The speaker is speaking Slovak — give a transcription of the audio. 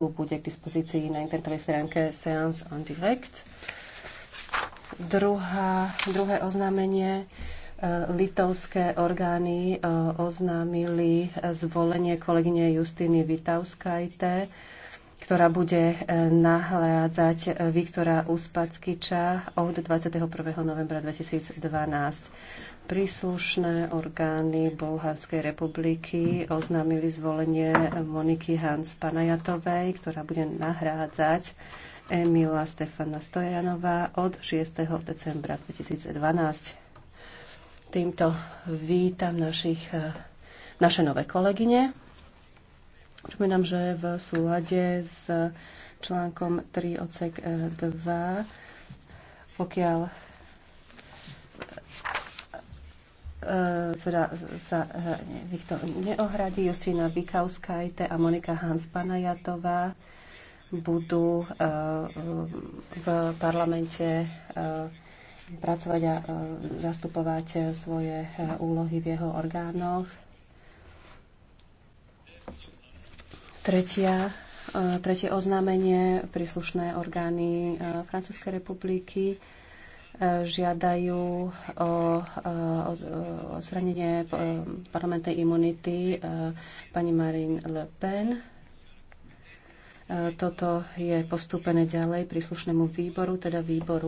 bude k dispozícii na internetovej stránke Seance on Direct. Druhá, druhé oznámenie. E, litovské orgány e, oznámili zvolenie kolegyne Justiny Vitauskajte ktorá bude e, nahrádzať e, Viktora Uspackyča od 21. novembra 2012. Príslušné orgány Bulharskej republiky oznámili zvolenie Moniky Hans Panajatovej, ktorá bude nahrádzať Emila Stefana Stojanova od 6. decembra 2012. Týmto vítam našich, e, naše nové kolegyne. Pripomínam, že v súlade s článkom 3 odsek 2, e, pokiaľ e, teda sa e, nikto neohradí, Justina Bikauskajte a Monika Hans-Panajatová budú v parlamente pracovať a zastupovať svoje úlohy v jeho orgánoch. Tretia, e, tretie oznámenie, príslušné orgány e, Francúzskej republiky e, žiadajú o, odstranenie parlamentnej imunity pani Marine Le Pen. Toto je postúpené ďalej príslušnému výboru, teda výboru